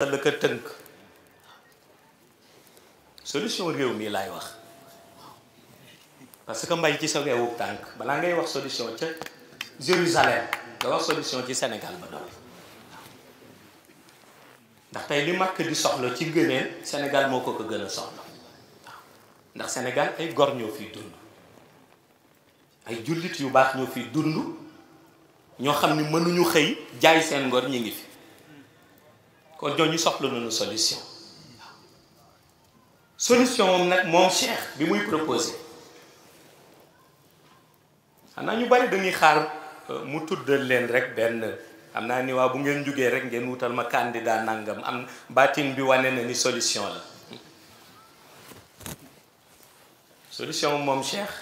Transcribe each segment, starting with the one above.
la solution réew mi laay wax parce que mbay ci sa tànk balaa ngay wax solution ca Jérusalem nga wax solution ci Sénégal ba ndax tey li màkk di soxla ci gëneen Sénégal moo ko ko gën soxla ndax Sénégal ay gor ñoo fiy dund ay jullit yu baax ñoo fiy dund ñoo xam ni mënuñu xëy jaay seen ngor ñi ngi fi kon ñooñu soxla nañu solution solution moom nag moom Cheikh bi muy proposé xanaa ñu bari dañuy xaar euh, mu tuddal leen rek benn am naa ni waaw bu ngeen jógee rek ngeen wutal ma candidat nangam am baatin bi wane na ni solution la solution moom Cheikh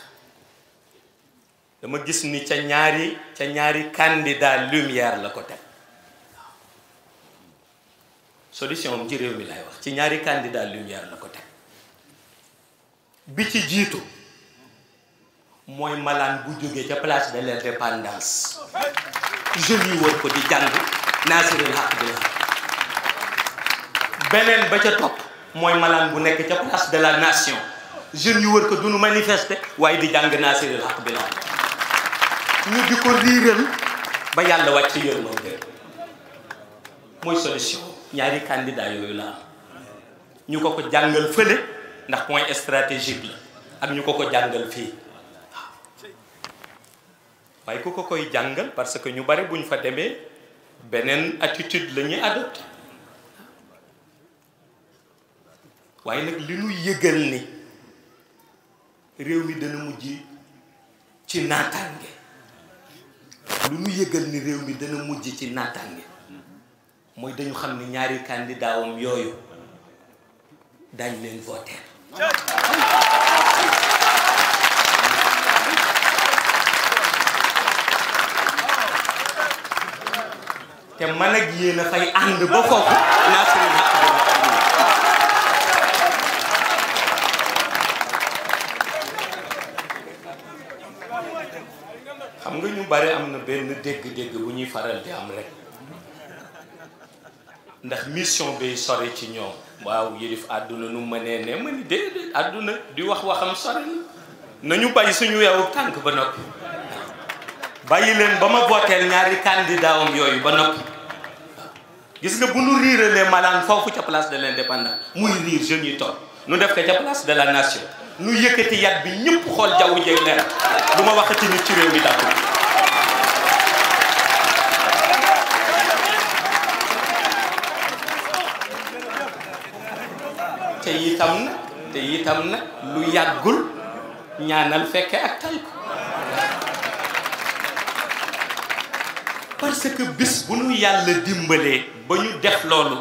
dama gis ni ca ñaari ca ñaari candidat lumière la ko teg solution bi ci réew mi lay wax ci ñaari candidat lumière la ko teg bi ci jiitu mooy malaan bu jógee ca place de l'indépendance jeunes yi wër ko di jàng naasiril xaq bi la beneen ba ca topp mooy malaan bu nekk ca place de la nation jeunes yu wër ko duñu manifester waaye di jàng naasiril xaq bi la ñu di ko riiral ba yàlla wàcc yërmande mooy solution ñaari candidat yooyu la ñu ko ko jàngal fële ndax point stratégique la ak ñu ko ko jàngal fii waaye ku ko koy jàngal parce que ñu bari bu ñu fa demee beneen attitude lañuy ñuy adopté waaye nag li ñu yëgal ni réew mi dana mujj ci naataange lu ni réew mi dana mujj ci naataange mooy dañu xam ne ñaari candidat wam yooyu dañ leen voté te man ak yéen fay ànd ba foofu naa seen xam nga ñu bari am na benn dégg-dégg bu ñuy faral di am rek ndax mission bi sori ci ñoom waaw yërif àdduna nu mënee ne ma ni déedéet àdduna di wax waxam sori na nañu bàyyi suñu weewu tànk ba noppi bàyyi leen ba ma booteel ñaari candidat am yooyu ba noppi gis nga bu nu riiralee malaan foofu ca place de l'indépendance muy riir jeunes yi toog nu def ko ca place de la nation nu yëkkati yat bi ñëpp xool jaww jeeg leer bu ma waxati nit ci réew mi dàpp yitam na te yitam na lu yàggul ñaanal fekke ak tal ko parce que bis bu ñu yàlla dimbalee ba ñu def loolu